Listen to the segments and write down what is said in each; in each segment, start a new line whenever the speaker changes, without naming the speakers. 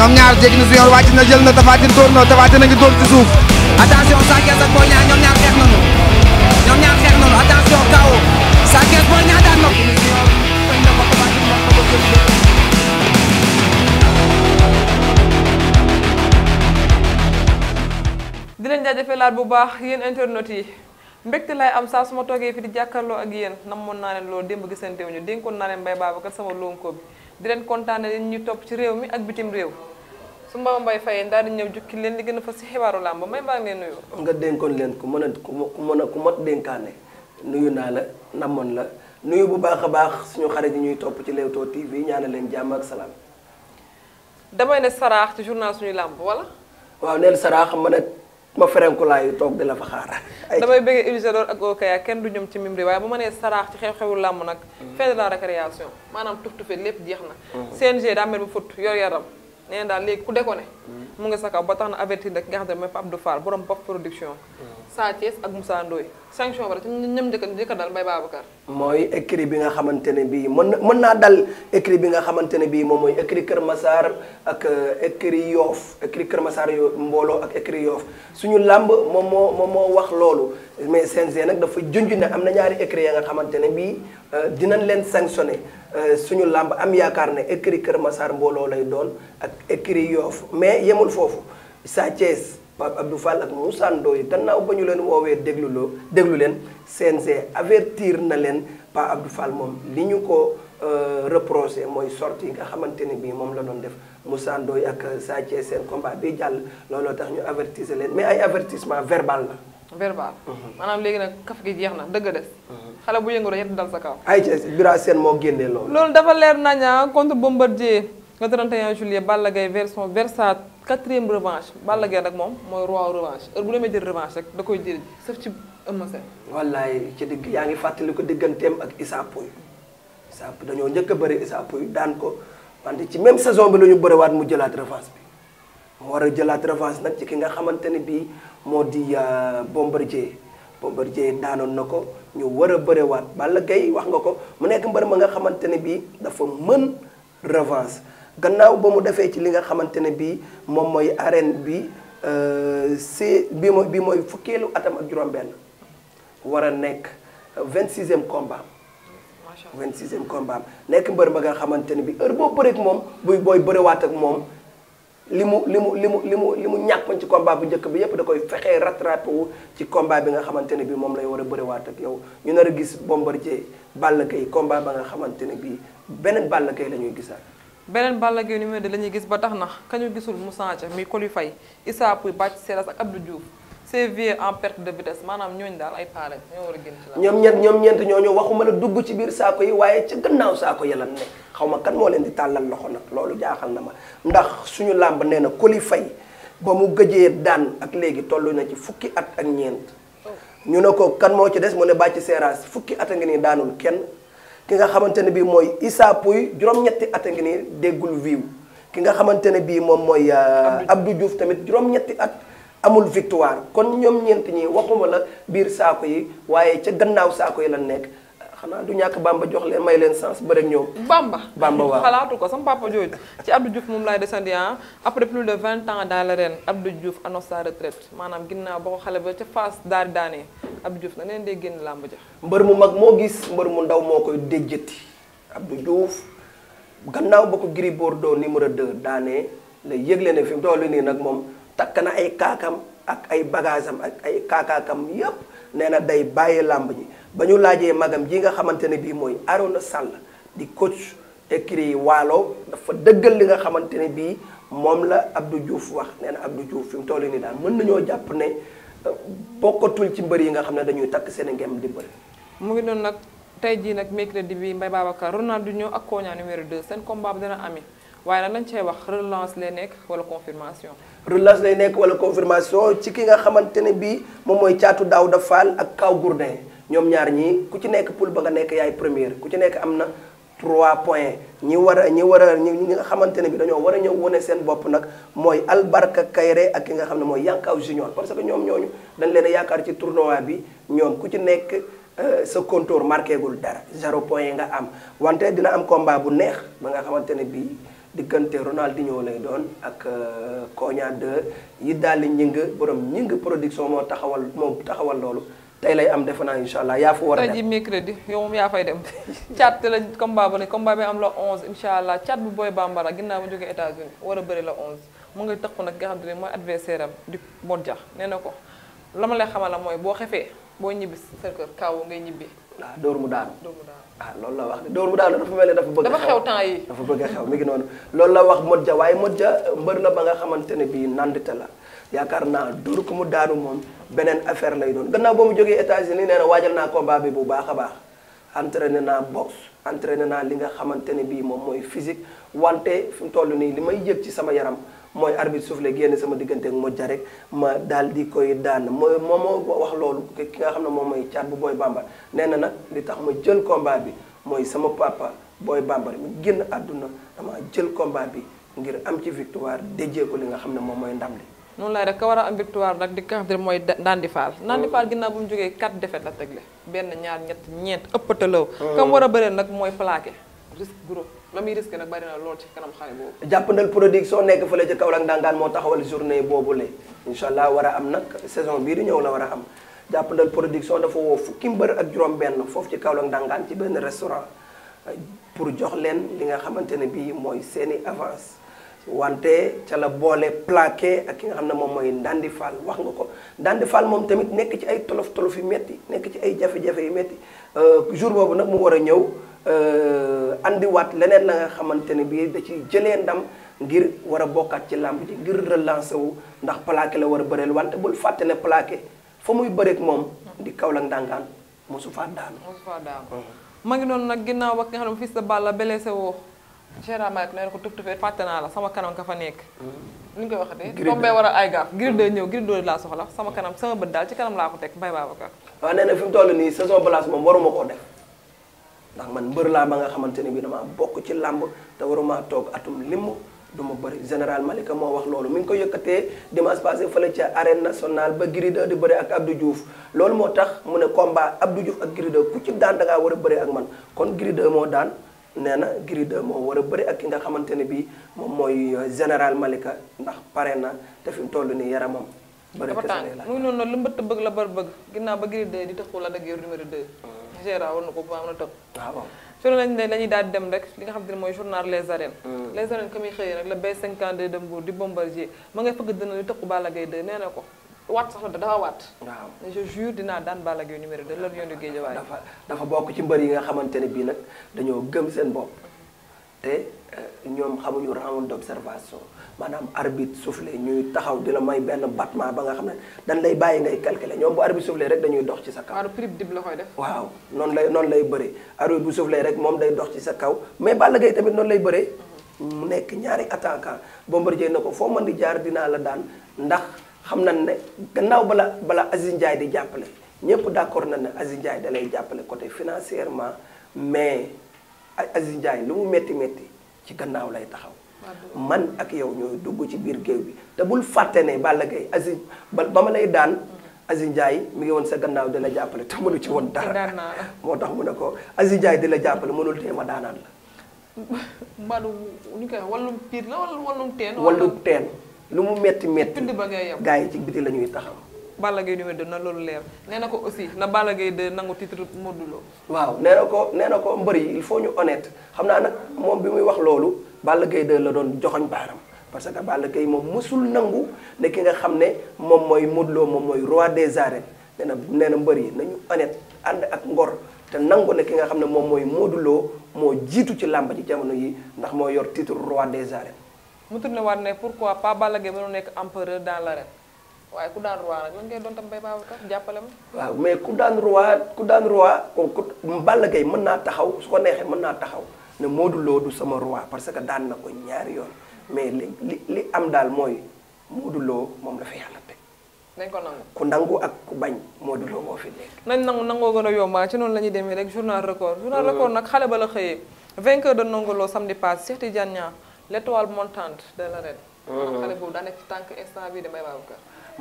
ñoom ñaar jéggi na junior wàcc na na Tapha Tine dóor na Tapha a ngi dóor KO
Sa laat bu baax yéen internet yi mbégte lay am saa su ma toogee fi di jàkkarloo ak yéen namoon naa leen loolu démb gisante wuñu dénkoon naa leen Mbaye Babacar sama lonko bi di leen kontaane leen ñu topp ci réew mi ak bitim réew su Mbaye Mbaye fayee daal di ñëw jukki leen li gën a fa si xibaaru làmb may baa ngeen nuyu.
nga dénkoon leen ku mën a ku mën a ku mot dénkaane nuyu naa la namoon la nuyu bu baax a baax suñu xarit yi ñuy topp ci Leewtoo TV ñaanal leen jàmm ak salaam.
damay ne saraax ci journal suñu làmb wala.
waaw neel saraax ma ne ma ferenku laayu toog di la fa xaar.
damay bëgg Ilusador ak Okaya kenn du ñoom ci mim ri waaye bu ma nee saraax ci xew-xewu làmb nag. Mhm. fin de la maanaam tuf tufe lépp jeex na. Mhm. CNG daa mel bu fut yaram. nee daal léegi ku déconné mu ngi sa kaw ba tax na avertir rek nga xam ne mooy Pape Abdou Fall borom pop production Sa Thiès ak Moussa Ndoye sanction ba te ñoom njëkk njëkk dal Mbaye Babacar
mooy écrit bi nga xamante ne bii mën na mën naa dal écrit bi nga xamante ne bii moom mooy écrit Kër Massar ak euh, écrit Yoff écrit Kër Massar yo mbooloo ak écrit Yoff suñu làmb moom moo moom moo wax loolu mais CNG nag dafa junj ne am na ñaari écrit ya nga xamante ne bii euh, dinañ leen sanctionné euh, suñu làmb am yaakaar ne écrit Kër Massar mbooloo lay doon ak écrit Yoff mais yemul foofu Sa Thiès Pape Abdou Fall ak Moussa Ndoye gannaaw ba ñu leen woowee déglu loo déglu leen CNG avertir na leen Pape Abdou Fall moom li ñu ko euh, reproché mooy sortie yi nga xamante ne bii moom la doon def Moussa Ndoye ak Sa Thiès seen combat bi jàll looloo tax ñu avertir leen mais ay avertissement verbal la. verbal mhm.
maanaam léegi nag kaf gi jeex na dëgg des mhm. xale bu yëngu rek yett dal sa kaw ay ci
bira seen moo génnee loolu
loolu dafa leer naña ah, contre Bombardier le 31 juillet Balla quatrième revanche Balla Gaye nag moom mooy roi revanche heure bu demee jël revanche
rek da koy jël saf ci Eumeu Sène wallaay ci digg yaa ngi fàttali ko digganteem ak Issa Pouye Issa Pouye dañoo njëkk a bëri Issa yi daan ko wante ci même saison bi la ñu bëriwaat mu jëlaat revanche bi mu war a jëlaat revanche nag ci ki nga xamante ne bii moo di euh, Bombardier Bombardier daanoon na ko ñu war a bëriwaat Balla Gaye wax nga ko mu nekk mbër ma nga xamante ne bii dafa mën revanche gannaaw ba mu defee ci li nga xamante ne bii moom mooy arène bi c'est euh, bi mooy bi mooy fukkeelu atam ak juróom-benn war a nekk vingt sixième combat am vingt sixième combat nekk mbër ba nga xamante ne bi heure boo bëreek moom buy booy bëriwaat ak moom li mu li mu li mu li mu mu ñàkkoon ci combat bu njëkk bi yépp da koy fexee rattrapé wu ci combat bi nga xamante ne bi moom lay war a bëriwaat ak yow ñu nar a gis Bombardier Balla Gaye combat ba nga xamante ne bi beneen Balla la ñuy gisaat
beneen Balla Gaye numéro 2 la ñuy gis ba tax na kañu gisul Moussa Dia muy Coly Faye Issa Pouye Bathie Seras ak Abdou Diouf c'est vieux en perte de vitesse maanaam ñooñu daal ay pare ñoo war a génn
ñoom ñett ñoom ñeent ñooñu waxuma la dugg ci biir saako yi waaye ci gannaaw saako ya ne xaw ma kan moo leen di tàllal loxo nag loolu jaaxal na ma ndax suñu làmb nee na Coly Faye ba mu gëjee daan ak léegi toll na ci fukki at ak ñeent oh. ñu ne ko kan moo ci des mu ne Bathie Seras fukki at a ngi nii daanul kenn ki nga xamante ne bii mooy Issa Pouy juróom-ñetti at a ngi nii déggul wiiw ki nga xamante ne bii moom mooy euh, Abdou Diouf tamit juróom-ñetti at amul victoire kon ñoom ñeent ñi waxuma la biir saako yi waaye ca gannaaw saako yi lan nekk xanaa du ñàkk Bamba jox leen may leen sens ba ak ñoom.
Bamba Bamba waaw xalaatu ko sama papa jooju ci Abdou Diouf moom laay desandi ah après plus de vingt ans dans l'arène Abdou Diouf annonce sa retraite maanaam ginnaaw ba ko xale ba ca Fass daal Abdou Diouf na neen dee génn làmb ja
mbër mu mag moo gis mbër mu ndaw moo koy déjjati abdu Diouf gannaaw ba ko Gris Bordeaux numéro 2 daanee la yëgle ne fi mu toll nii nag moom takk na ay kaakam ak ay bagage am ak ay kaakaakam yépp nee na day bàyyi làmb ji ba ñu laajee magam ji nga xamante ne bii mooy Arona sàll di coach yi waalo dafa dëggal li nga xamante ne bii moom la Abdou juuf wax nee na Abdou Diouf fi mu toll nii daal mën nañoo jàpp ne bokkatul ci mbër yi nga xam ne dañuy takk seen ngem di mbër.
mu ngi doon nag tey jii nag di mercredi bi Mbaye du ñëw ak Koña numéro 2 seen combat bi dana amee waaye nag lañ cee wax relance lay nekk wala confirmation.
relance lay nekk wala confirmation ci ki nga xamante ne bii moom mooy caatu Daouda Fall ak Kaw Gourdin ñoom ñaar ñii ku ci nekk poule ba nga nekk yaay première ku ci nekk am na. trois points ñi war a ñi war a ñi nga xamante ne bi dañoo war a ñëw wane seen bopp nag mooy Albarka Kayré ak ki nga xam ne mooy Yankaw Junior parce que ñoom ñooñu dañ leen a yaakaar ci tournoi bi ñoom ku ci nekk euh, sa contour marqué gul dara zéro point yi nga am wante dina am combat bu neex ba nga xamante ne bii diggante Ronaldinho lay doon ak euh, Koña 2 yi daal di ñing borom ñing production moo taxawal moo taxawal loolu tey lay am defe naa allah yaa fa war a dem tey ji
mercredi yow moom yaa fay dem caat la combat ba ne am la 11 incha allah caat bu booy bambara ginnaaw ma jógee États-Unis war a bëri la 11 mu nga tëq nag nga xam te ne mooy adversaire am di Modja nee na ko la ma lay xamal la mooy boo xefee boo ñibbi sa kër kaw ngay ñibbi. waaw ah, dóor mu daanu dóor
mu daanu ah, loolu la wax dóor mu daanu dafa mel ne dafa bëgg dafa xew temps yi dafa bëgg xew mi ngi noonu loolu la wax Modja waaye Modja mbër la ba nga xamante ne bii nandite la yaakaar naa dóor ko mu daanu moom beneen affaire lay doon gannaaw ba mu jógee États-Unis nee waajal naa combat bi bu baax a baax entraîné naa boxe entraîné naa li nga xamante ne bii moom mooy physique wante fi mu toll nii li may yëg ci sama yaram mooy arbitre soufflé génn sama diggante ak Modou Dia ma daal di koy daan mooy moom moo wax loolu ki nga xam ne moom mooy caat bu booy bambara nee na nag li tax ma jël combat bi mooy sama papa booy bambara mu génn àdduna dama jël combat bi ngir am ci victoire déjee ko li nga xam ne moom mooy ndam li
noonu lay rek war am victoire nag di nga xam te mooy Nandi Fall Nandi oh. Fall ginnaaw bu mu jógee 4 défaites la tegle benn ñaar ñett ñeent
oh. war a bëreel nag mooy plaqué
risque gros la muy nag bari na lool ci kanam xale boobu
jàppandal nekk fële ca Kaolack ndangaan moo taxawal journée boobu le incha allah war a am nag saison bii di ñëw la war a am jàppandal production dafa woo fukki mbër ak juróom benn foofu ci Kaolack ndangaan ci benn restaurant eh, pour jox leen li nga xamante ne bii mooy seeni avance wante ca la boole plaqué ak ki nga xam ne moom mooy Ndandi Fall wax nga ko Ndandi Fall moom tamit nekk ci ay tolof tolof yu metti nekk ci ay jafe-jafe yu metti euh, jour boobu nag mu war a ñëw euh, andiwaat leneen la nga xamante ne bii da ci jëlee ndam ngir war a bokkaat ci làmb ji ngir relancer wu ndax plaqué la war a bëreel wante bul fàtte ne plaqué fa muy bëreeg moom di Kaolack ndàngaan mosu faa daanu. mosu
faa daanu. ma ngi noonu nag ginnaaw ba nga xam ne Général Malick nee na ko tub tubee fàtte naa la sama kanam ka fa nekk mm. ni ñu koy waxatee tombee war a ay gaaf Gris 2 ñëw Gris 2 laa soxla sama kanam sama bët daal ci kanam laa ko teg Mbaye Babacar
waaw ah, nee na fi mu toll nii saison blanche moom waruma koo def ndax man mbër laa ba nga xamante ne bi dama bokk ci làmb te waruma toog atum limm du ma bëri Général Malika moo wax loolu mi ngi ko yëkkatee dimanche passé fële ca arène national ba Gris di bëri ak Abdou Diouf loolu moo tax mu ne combat Abdou Diouf ak Gris 2 ci daan da war a bëri ak man kon Gris 2 moo daan nee na Gris moo war a bëri ak ki nga xamante ne bii moom mooy euh, général Malika ndax pare na te fi mu toll nii yaramam. bëri kese lay laaj
mu ngi noonu lu mu bëgg la bër bëgg ginnaaw ba Gris 2 di tëxu la dëgg yor numéro 2. Hmm. général war na ko bu am na tëb. waaw sur lañ ne dañuy daal di dem li nga xam mooy journal les arènes. Hmm. les arènes comme yi xëyee nag la B52 de Mbour di bombardier ma ngay fëgg dina li tëxu Balla Gaye 2 nee na ko. waat sax de dafa waat. waaw je jure dinaa daan Balla Gaye numéro 2 lan yoonu Guédiawaye. dafa
dafa bokk ci mbër yi nga xamante ne bii nag dañoo gëm seen bopp. te eh, ñoom xamuñu round d'observation maanaam arbitre soufflé ñuy taxaw di la may benn battement ba nga xam ne dañ lay bàyyi ngay calculer ñoom bu arbitre soufflé rek dañuy dox ci sa kaw. waaw prix la koy def. waaw noonu lay noonu lay bëree arbitre bu soufflé rek moom day dox ci sa kaw mais Balla gay tamit noonu lay bëree. mu nekk ñaari attaquant Bombardier na ko foo man di jaar dinaa la daan ndax. xam nañ ne gannaaw bala bala Aziz Ndiaye di jàppale ñëpp d'accord nañ ne Aziz Ndiaye da lay jàppale côté financièrement mais Aziz Ndiaye lu mu métti métti ci gannaaw lay taxaw. man ak yow ñooy dugg ci biir géew bi te bul fàtte ne Balla Gaye Aziz ba ma lay daan. asinjaay Ndiaye mi ngi woon sa gannaaw di la jàppale te mënu ci woon dara. moo tax mu ne ko Aziz di la jàppale mënul tee ma daanaan la.
Mbadou ñu koy wàllum piir la wala
teen. wàllum teen. lu mu metti metti gaa yi ci biti la ñuy taxaw. Balla Gaye numéro
2 na loolu leer nee na ko aussi na Balla gay 2 nangu titre Modou Lo.
waaw nee na ko nee na ko mbër yi il faut ñu honnête xam naa nag moom bi muy wax loolu Balla Gaye 2 la doon joxoñ baaram parce que Balla Gaye moom mosul nangu ne ki nga xam ne moom mooy Modou Lo mooy roi des arènes na nee na mbër yi nañu honnête ànd ak ngor te nangu ne ki nga xam ne moom mooy Modou moo jiitu ci làmb ji jamono yi ndax moo yor titre roi des arènes.
mu tourné waat ne pourquoi pas Balla Gaye mënu nekk empereur dans l'arène waaye ku daan roi nag lan ngay doon tam Mbaye Babacar jàppale ma.
waaw mais ku daan roi ku daan roi kooku Balla Gaye mën naa taxaw ko neexee mën naa taxaw ne Modou Lo du sama roi parce que daan na ko ñaari yoon mais li li am daal mooy Lo moom la ko nangu ku nangu ak ku bañ Modou Lo moo fi nekk.
nañ nangu nangoo gën a yomba ci noonu la demee rek journal record. journal euh. record nag xale ba la xëyee vainqueur de Ndongo Lo samedi passé Cheikh Tidiane l'étoile montante de la
mm-hmm. xale boobu
tànk instant bii damay baabu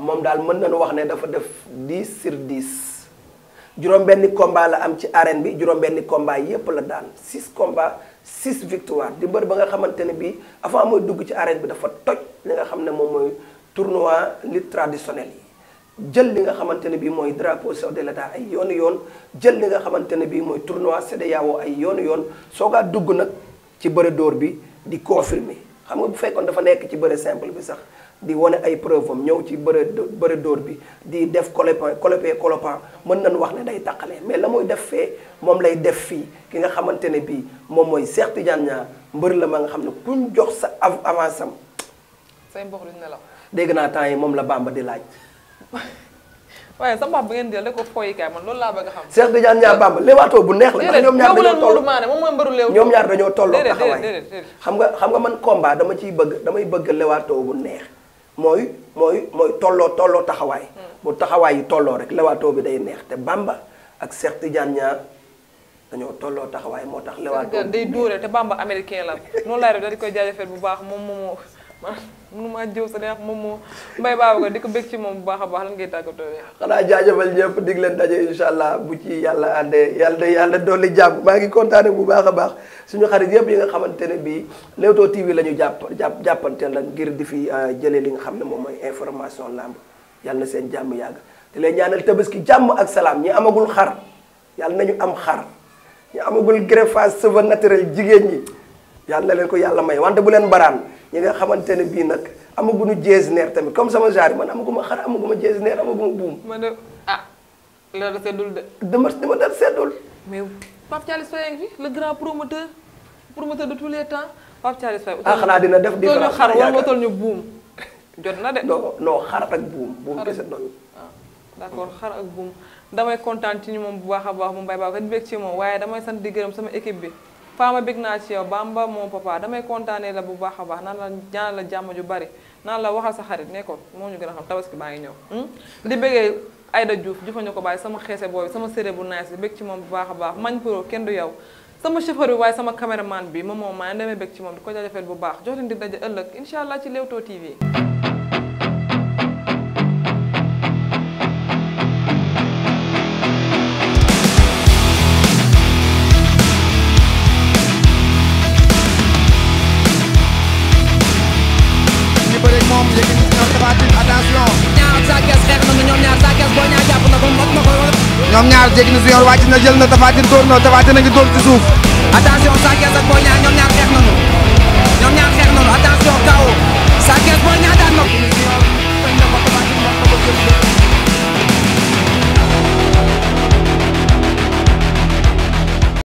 moom daal mën nañu wax ne dafa def 10 sur 10 juróom-benni combat la am ci arène bi juróom-benni combat yépp la daan 6 combats 6 victoires di mbër ba nga xamante ne bii avant mooy dugg ci arène bi dafa toj li nga xam ne moom mooy tournoi lutte traditionnelle yi. jël li nga xamante ne bii mooy drapeau chef de l'état ay yoonu yoon jël li nga xamante ne bii mooy tournoi CEDEAO ay yoonu yoon soogaa dugg nag ci bëre dóor bi. di confirmer xam nga bu fekkoon dafa nekk ci bëre simple bi sax di wane ay preuve am ñëw ci bëre bëre bi di def colopin colopé colopan mën nañu wax ne day taqale mais la muy def fee moom lay def fii ki nga xamante ne bii moom mooy Cheikh Tidiane Niang mbër la ma nga xam ne kuñ jox sa avance am.
say mbokk duñ nelaw.
dégg naa temps yi moom la Bamba di laaj.
waaye sa bax ba ngeen jël da ko fooyi kaay man loolu laa bëgg a xam
Cheikh Tidiane Niang Bamba léwaatoo bu neex la nga xam nga man combat dama ciy bëgg damay bëgg léwaatoo bu neex mooy mooy mooy tolloo tolloo taxawaay hmm. bu taxawaay yi tolloo rek léwaatoo bi day neex te Bamba ak Cheikh Tidiane ñaa dañoo tolloo taxawaay moo tax léwaatoo
day dóore te Bamba américain la noonu laay def dañ koy jaajëfal bu baax moom moomo man mënuma jëw sa neex moom moo Mbaye Babacar di ko bég ci moom bu baax a baax lan ngay tàggatoo de.
jaajamal jaajëfal ñëpp dig leen daje incha allah bu ci yàlla àndee yàlla yàlla dolli jàmm maa ngi kontaane bu baax a baax suñu xarit yëpp yi nga xamante ne bii Leewtoo TV la ñu jàpp jàpp jàppanteel la ngir di fi euh, jële li nga xam ne moom mooy information làmb yàlla na seen jàmm yàgg di leen ñaanal tabaski jàmm ak salaam ñi amagul xar yàlla nañu am xar ñi amagul greffage cheveux naturel jigéen ñi yàlla na leen ko yàlla may wante bu leen baraan ñu nga xamante ne bii nag amaguñu jees neer tamit comme sama genre man amaguma xar amaguma jees neer amaguma buum. ma ne ah loolu seddul de. dama dama dal seddul. mais
Pape Thialis Faye ngi fi le grand promoteur promoteur de tous les temps Pape Thialis Faye. Ah, dina def différence xar wala ma
toll ñu buum. jot na de non non xar ak buum. buum kese noonu. Ah, d'accord
xar ak buum damay kontaan ci ñu moom bu baax a baax mu mbay baax di bég ci moom waaye damay sant di sama équipe bi. faama bég naa ci yow Bamba mon papa damay kontaanee la bu baax a baax naan la ñaan la jàmm ju bari naan la waxal sa xarit nekkoon ko moo ñu gën a xam tabaski baa ngi ñëw hmm? di bëggee Aïda Diouf jufa ñu ko bàyyi sama xeese boobu sama séré bu nice bi bég ci moom bu baax a baax mañ pro kenn du yow sama chauffeur bi waaye sama caméraman bi moom moom maa ngi demee bég ci moom di ko jaajëfal bu baax jox leen di daje ëllëg incha allah ci Leewtoo TV
bëreeg moom Yékini si ñoom Tapha Tine attention. ñaar Sa Thiès xeex na ñoom ñaar Sa Thiès boo na ko mot na ko yor. ñoom ñaar Yékini Junior wàcc na jël na Tapha Tine na Tapha Tine ngi dóor ci suuf. attention Sa Thiès ak boo ñaar ñoom ñaar xeex nañu ñaar xeex nañu attention kaw Sa Thiès boo daan na